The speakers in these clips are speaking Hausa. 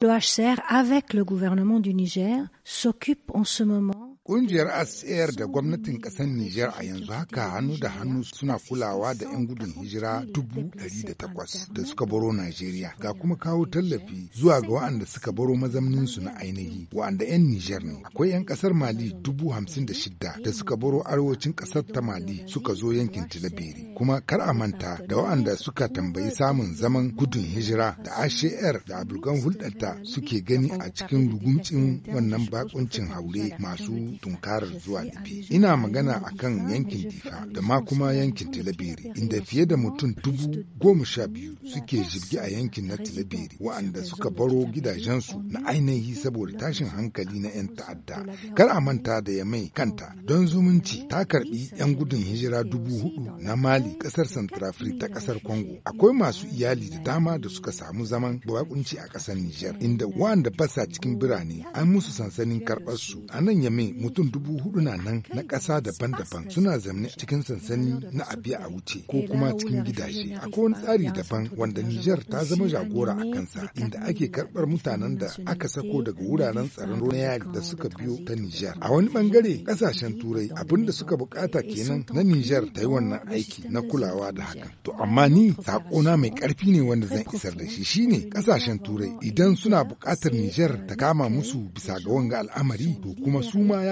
Le HCR, avec le gouvernement du Niger, s'occupe en ce moment Ƙungiyar ASER da gwamnatin ƙasar Nijar a yanzu haka hannu da hannu suna kulawa da 'yan gudun hijira dubu ɗari da takwas da suka baro Najeriya ga kuma kawo tallafi zuwa ga wa'anda suka baro mazamninsu na ainihi Wa'anda 'yan Nijar ne. Akwai 'yan ƙasar Mali dubu hamsin da shida da suka baro arewacin ƙasar ta Mali suka zo yankin tilabiri Kuma kar a manta da waɗanda suka tambayi samun zaman gudun hijira da ASER da abokan hulɗarta suke gani a cikin rugumcin wannan bakuncin haure masu tunkarar zuwa dife ina magana a kan yankin difa da ma kuma yankin talabiri inda fiye da mutum dubu goma sha biyu suke jirgi a yankin na talabiri wa'anda suka baro gidajensu na ainihi saboda tashin hankali na 'yan ta'adda kar a manta da ya mai kanta don zumunci ta karɓi 'yan gudun hijira dubu hudu na mali ƙasar santrafri ta ƙasar kongo akwai masu iyali da dama da suka samu zaman bakunci a ƙasar Nijar. inda wa'anda basa cikin birane an musu sansanin karɓar su a nan ya mutum dubu hudu na nan na ƙasa daban-daban suna zamne cikin sansani na abiya a wuce ko kuma cikin gidaje. Akwai wani tsari daban wanda Nijar ta zama jagora a kansa inda ake karɓar mutanen da aka sako daga wuraren tsaron na yari da suka biyo ta Nijar. A wani bangare ƙasashen Turai abin da suka bukata kenan na Nijar ta yi wannan aiki na kulawa da hakan. To amma ni sakona mai ƙarfi ne wanda zan isar da shi shine ƙasashen Turai idan suna buƙatar Nijar ta kama musu bisa ga wanga al'amari to kuma su ma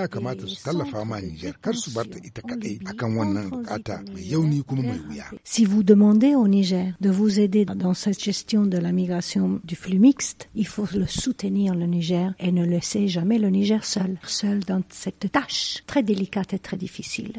Si vous demandez au Niger de vous aider dans cette gestion de la migration du flux mixte, il faut le soutenir le Niger et ne laisser jamais le Niger seul, seul dans cette tâche très délicate et très difficile.